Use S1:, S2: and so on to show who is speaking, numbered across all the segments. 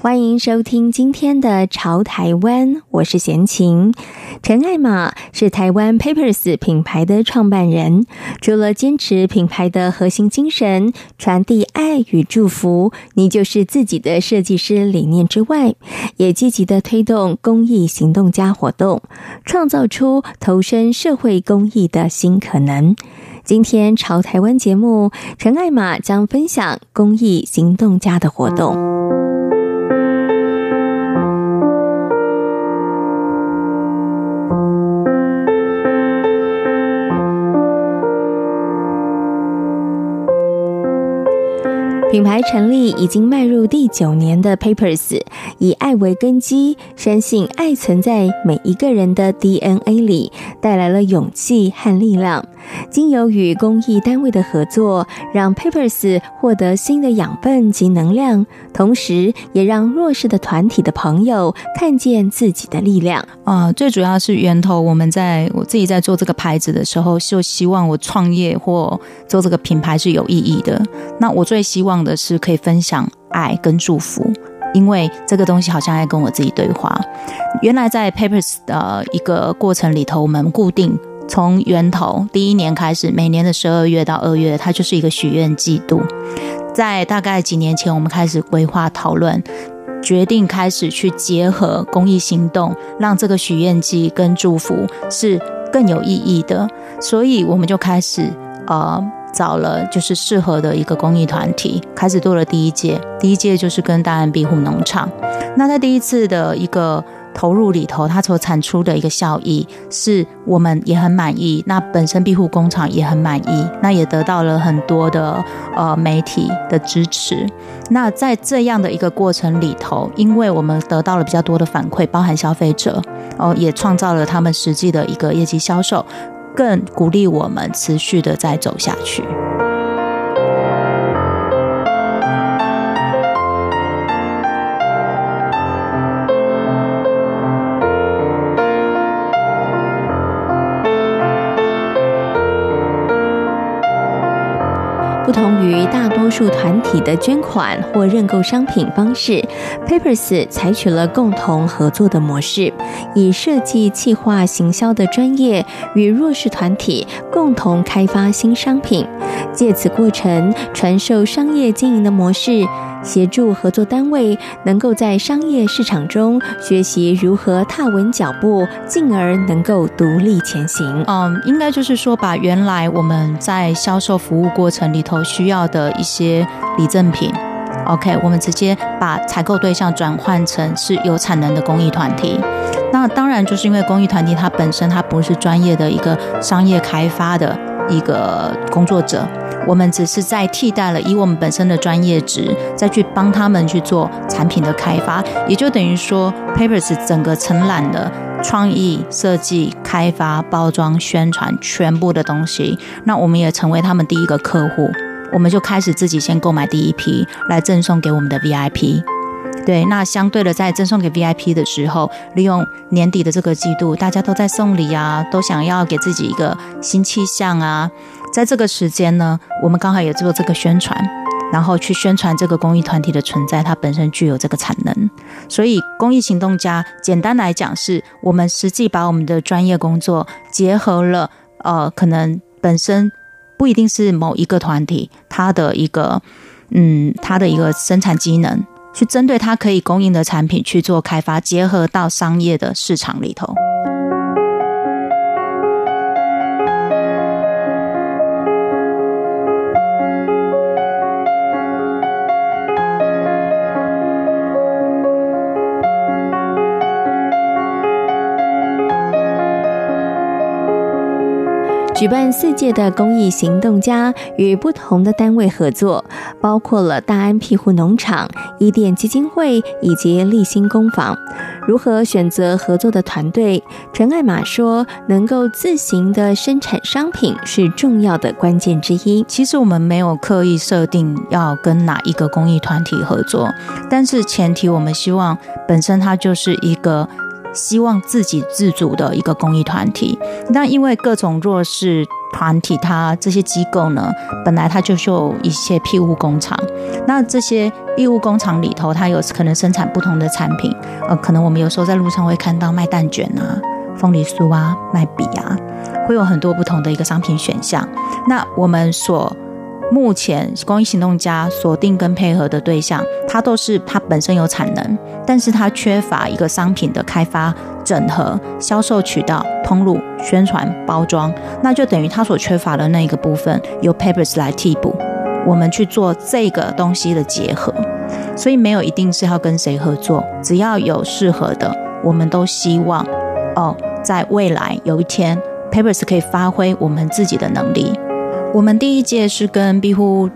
S1: 歡迎收聽今天的《潮台灣》，我是賢琴。陳艾瑪是台灣 Pepper’s 品牌的創辦人，除了堅持品牌的核心精神——傳遞愛與祝福，你就是自己的設計師理念之外，也積極的推動公益行動家活動，創造出投身社會公益的新可能。今天《潮台灣》節目，陳艾瑪將分享公益行動家的活動。品牌成立已經邁入第九年的 Pepper’s，以愛為根基，深信愛存在每一個人的 DNA 裡，帶來了勇氣和力量。經由與公益單位的合作，讓 Pepper’s 獲得新的養分及能量，同時也讓
S2: 弱勢的團體的朋友看見自己的力量。啊、呃，最主要是源頭，我們在我自己在做這個牌子的時候，就希望我創業或做這個品牌是有意義的。那我最希望的是可以分享愛跟祝福，因為這個東西好像還跟我自己對話。原來在 Pepper’s 的一個過程裡頭，我們固定。從源頭第一年開始，每年的十二月到二月，它就是一個許願季度。在大概幾年前，我們開始規劃、討論、決定開始去結合公益行動，讓這個許願季跟祝福是更有意義的。所以，我們就開始呃找了就是適合的一個公益團體，開始做了第一屆。第一屆就是跟大安庇護農場。那在第一次的一個。投入裡頭，它所產出的一個效益，是我們也很滿意。那本身庇護工廠也很滿意，那也得到了很多的呃媒體的支持。那在這樣的一個過程裡頭，因為我們得到了比較多的反饋，包含消費者，哦，也創造了他們實際的一個業績銷售，更鼓勵我們持續的再走下去。
S1: 不同於大多數團體的捐款或認購商品方式，Pepper’s 採取了共同合作的模式，以設計、企劃、行銷的專業與弱勢團體共同開發新商品，借此過程傳授商業經營的模式。協助合作單位能夠在商業市場中學習如何踏穩腳步，進而能夠
S2: 獨立前行。嗯，um, 應該就是說，把原來我們在銷售服務過程裡頭需要的一些禮贈品，OK，我們直接把採購對象轉換成是有產能的公益團體。那當然，就是因為公益團體它本身它不是專業的一個商業開發的。一個工作者，我們只是在替代了以我們本身的專業值，再去幫他們去做產品的開發，也就等於說，Pepper’s 整個承攬的創意設計、開發、包裝、宣傳全部的東西，那我們也成為他們第一個客戶，我們就開始自己先購買第一批來贈送給我們的 VIP。對，那相對的，在贈送給 VIP 的時候，利用年底的這個季度，大家都在送禮啊，都想要給自己一個新氣象啊。在這個時間呢，我們剛好也做這個宣傳，然後去宣傳這個公益團體的存在，它本身具有這個產能。所以，公益行動家，簡單來講是，是我們實際把我們的專業工作結合了，呃，可能本身不一定是某一個團體，它的一個，嗯，它的一個生產機能。去針對它可以供應的產品去做開發，結合到商業的市場裡頭。
S1: 舉辦四屆的公益行動家與不同的單位合作，包括了大安庇護農場、伊甸基金會以及立心工坊。如何選擇合作的團隊？陳艾瑪說：“
S2: 能夠自行的生產商品是重要的關鍵之一。其實我們沒有刻意設定要跟哪一個公益團體合作，但是前提我們希望本身它就是一個。”希望自己自主的一個公益團體，但因為各種弱勢團體，它這些機構呢，本來它就有一些庇護工廠。那這些庇護工廠裡頭，它有可能生產不同的產品，呃，可能我們有時候在路上會看到賣蛋捲啊、鳳梨酥啊、賣筆啊，會有很多不同的一個商品選項。那我們所目前公益行動家鎖定跟配合的對象，他都是他本身有產能，但是他缺乏一個商品的開發、整合、銷售渠道通路、宣傳、包裝，那就等於他所缺乏的那一個部分，由 Pepper’s 來替補。我們去做這個東西的結合，所以沒有一定是要跟誰合作，只要有適合的，我們都希望，哦，在未來有一天，Pepper’s 可以發揮我們自己的能力。我們第一屆是跟庇護，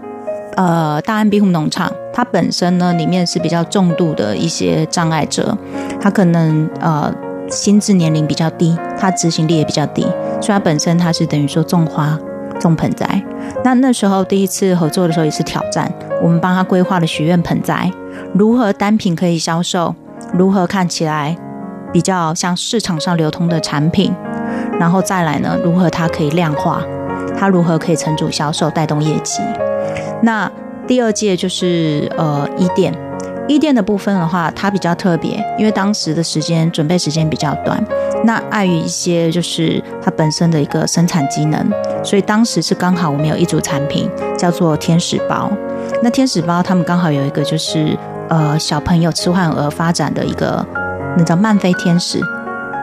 S2: 呃，大安庇護農場，它本身呢裡面是比較重度的一些障礙者，他可能呃心智年齡比較低，他執行力也比較低，所以它本身它是等於說種花、種盆栽。那那時候第一次合作的時候也是挑戰，我們幫他規劃了許願盆栽，如何單品可以銷售，如何看起來比較像市場上流通的產品，然後再來呢，如何它可以量化。它如何可以成組銷售帶動業績？那第二屆就是呃伊甸，伊甸的部分的話，它比較特別，因為當時的時間準備時間比較短，那礙於一些就是它本身的一個生產機能，所以當時是剛好我們有一組產品叫做天使包，那天使包他們剛好有一個就是呃小朋友遲緩兒發展的一個那叫慢飛天使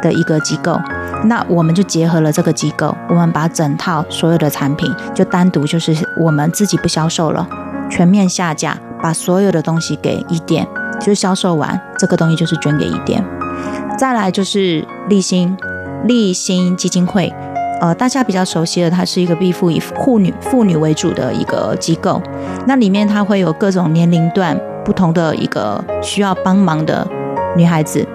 S2: 的一個機構，那我們就結合了這個機構，我們把整套所有的產品就單獨就是我們自己不銷售了，全面下架，把所有的東西給一點就銷售完，這個東西就是捐給一點。再來就是勵馨，勵馨基金會，呃，大家比較熟悉的，它是一個必富以婦女婦女為主的一個機構，那裡面它會有各種年齡段不同的一個需要幫忙的女孩子。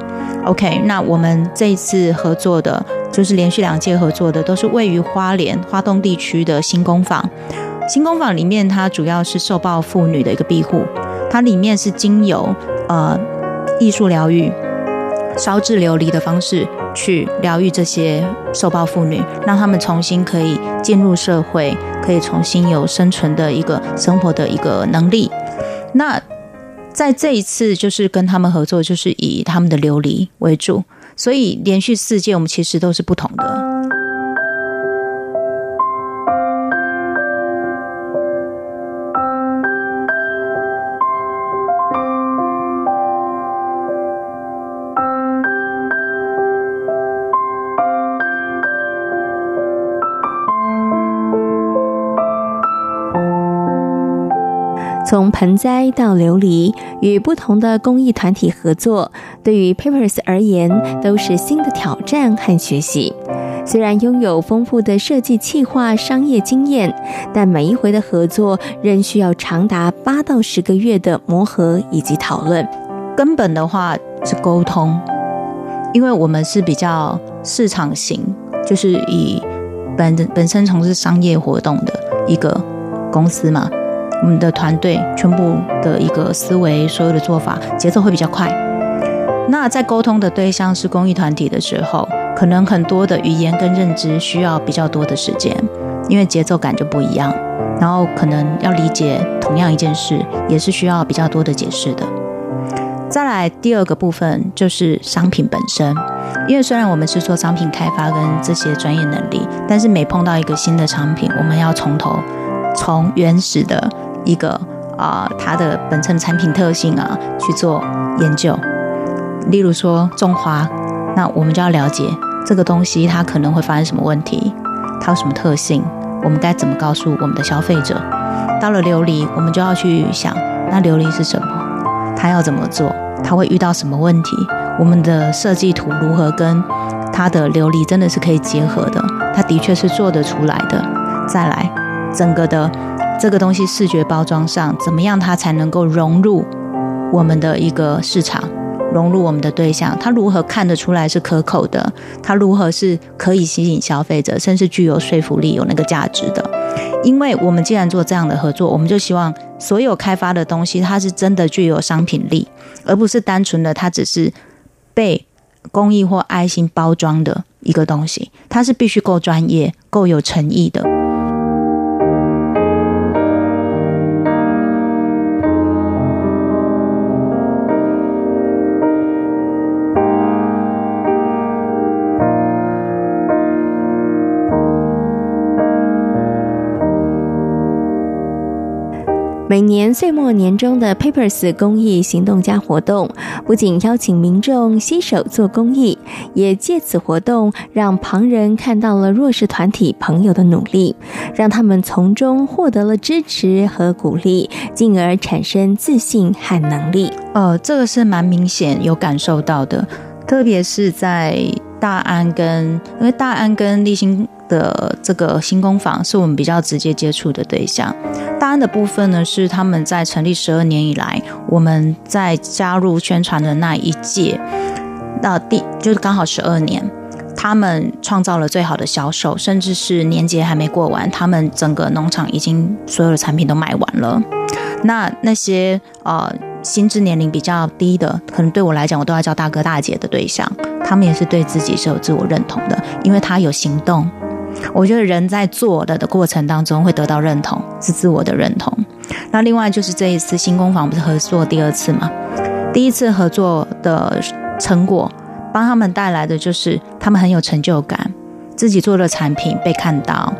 S2: OK，那我們這一次合作的，就是連續兩屆合作的，都是位於花蓮花東地區的新工坊。新工坊裡面，它主要是受暴婦女的一個庇護，它裡面是經由呃藝術療癒、燒制琉璃的方式去療癒這些受暴婦女，讓她們重新可以進入社會，可以重新有生存的一個生活的一個能力。那在這一次就是跟他們合作，就是以他們的琉璃為主，所以連續四屆我們其實都是不同的。
S1: 從盆栽到琉璃，與不同的工藝團體合作，對於 Pepper's 而言都是新的挑戰和學習。雖然擁有豐富的設計、計、企劃、商業經驗，但每一回的合作仍需要長達八到十個月的磨合以及討論。根本
S2: 的話是溝通，因為我們是比較市場型，就是以本本身從事商業活動的一個公司嘛。我們的團隊全部的一個思維，所有的做法節奏會比較快。那在溝通的對象是公益團體的時候，可能很多的語言跟認知需要比較多的時間，因為節奏感就不一樣。然後可能要理解同樣一件事，也是需要比較多的解釋的。再來第二個部分就是商品本身，因為雖然我們是做商品開發跟這些專業能力，但是每碰到一個新的產品，我們要從頭從原始的。一個啊，呃，它的本身的產品特性啊，去做研究。例如說，種花，那我們就要了解這個東西它可能會發生什麼問題，它有什麼特性，我們該怎麼告訴我們的消費者？到了琉璃，我們就要去想，那琉璃是什麼？它要怎麼做？它會遇到什麼問題？我們的設計圖如何跟它的琉璃真的是可以結合的？它的確是做得出來的。再來，整個的。這個東西視覺包裝上怎麼樣，它才能夠融入我們的一個市場，融入我們的對象？它如何看得出來是可口的？它如何是可以吸引消費者，甚至具有說服力、有那個價值的？因為我們既然做這樣的合作，我們就希望所有開發的東西，它是真的具有商品力，而不是單純的它只是被公益或愛心包裝的一個東西。它是必須夠專業、夠有誠意的。
S1: 每年歲末年終的 Pepper’s 公益行動家活動，不僅邀請民眾攜手做公益，也借此活動讓旁人看到了弱勢團體朋友的努力，讓他們從中獲得了支持
S2: 和鼓勵，進而產生自信和能力。呃，這個是蠻明顯有感受到的，特別是在大安跟，因為大安跟立新，的這個新工坊是我們比較直接接觸的對象。大安的部分呢，是他們在成立十二年以來，我們在加入宣傳的那一屆，那、啊、第就是剛好十二年，他們創造了最好的銷售，甚至是年節還沒過完，他們整個農場已經所有的產品都賣完了。那那些呃心智年齡比較低的，可能對我來講，我都要叫大哥大姐的對象，他們也是對自己是有自我認同的，因為他有行動。我覺得人在做的的過程當中會得到認同，是自我的認同。那另外就是這一次新工坊不是合作第二次嗎？第一次合作的成果，幫他們帶來的就是他們很有成就感，自己做的產品被看到，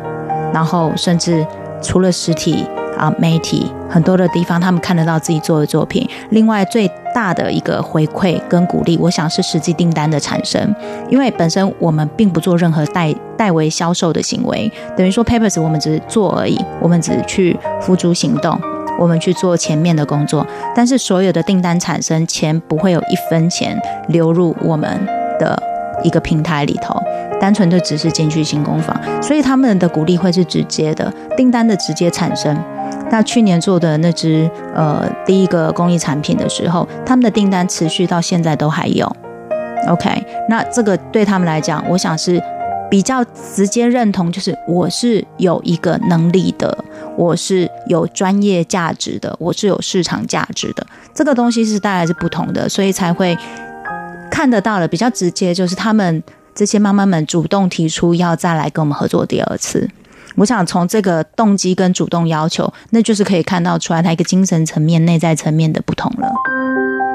S2: 然後甚至除了實體啊媒體。很多的地方，他們看得到自己做的作品。另外，最大的一個回饋跟鼓勵，我想是實際訂單的產生。因為本身我們並不做任何代代為銷售的行為，等於說 Pepper’s 我們只是做而已，我們只是去付諸行動，我們去做前面的工作。但是所有的訂單產生，錢不會有一分錢流入我們的一個平台裡頭，單純就只是進去新工坊。所以他們的鼓勵會是直接的，訂單的直接產生。那去年做的那支呃第一個公益產品的時候，他們的訂單持續到現在都還有。OK，那這個對他們來講，我想是比較直接認同，就是我是有一個能力的，我是有專業價值的，我是有市場價值的。這個東西是帶來是不同的，所以才會看得到的比較直接，就是他們這些媽媽們主動提出要再來跟我們合作第二次。我想從這個動機跟主動要求，那就是可以看到出來他一個精神層面、內在層面的不同了。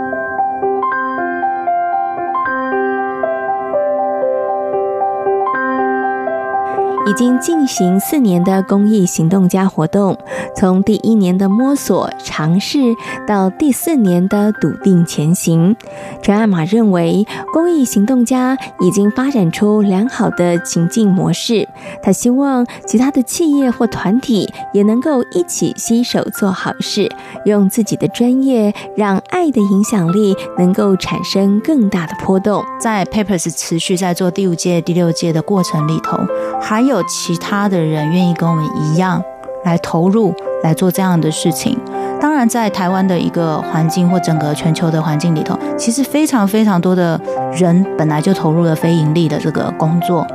S1: 已經進行四年的公益行動家活動，從第一年的摸索嘗試到第四年的篤定前行，陳艾瑪認為公益行動家已經發展出良好的情境模式。他希望其他的企業或團體也能夠一起攜手做好事，用自己的專業讓愛的影響力能夠
S2: 產生更大的波動。在 Pepper’s 持續在做第五屆、第六屆的過程裡頭，還有。其他的人願意跟我們一樣來投入，來做這樣的事情。當然，在台灣的一個環境或整個全球的環境裡頭，其實非常非常多的人本來就投入了非營利的這個工作。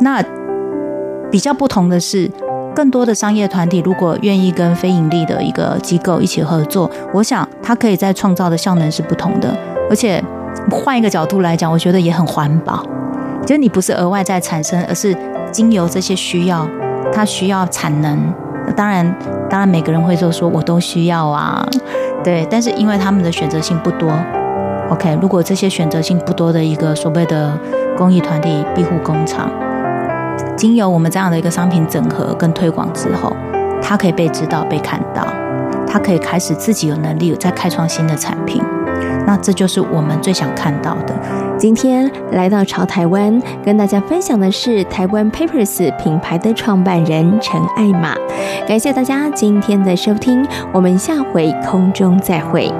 S2: 那比較不同的是，更多的商業團體如果願意跟非營利的一個機構一起合作，我想它可以在創造的效能是不同的。而且換一個角度來講，我覺得也很環保。就你不是額外在產生，而是經由這些需要，它需要產能。當然，當然，每個人會說說我都需要啊，對。但是因為他們的選擇性不多，OK。如果這些選擇性不多的一個所謂的公益團體、庇護工廠，經由我們這樣的一個商品整合跟推廣之後，它可以被知道、被看到，它可以開始自己有能力再開創新的產品。那這就是我們最想看到的。今天來到潮台灣，跟大家分享的是台
S1: 灣 Pepper’s 品牌的創辦人陳艾瑪。感謝大家今天的收聽，我們下回空中再會。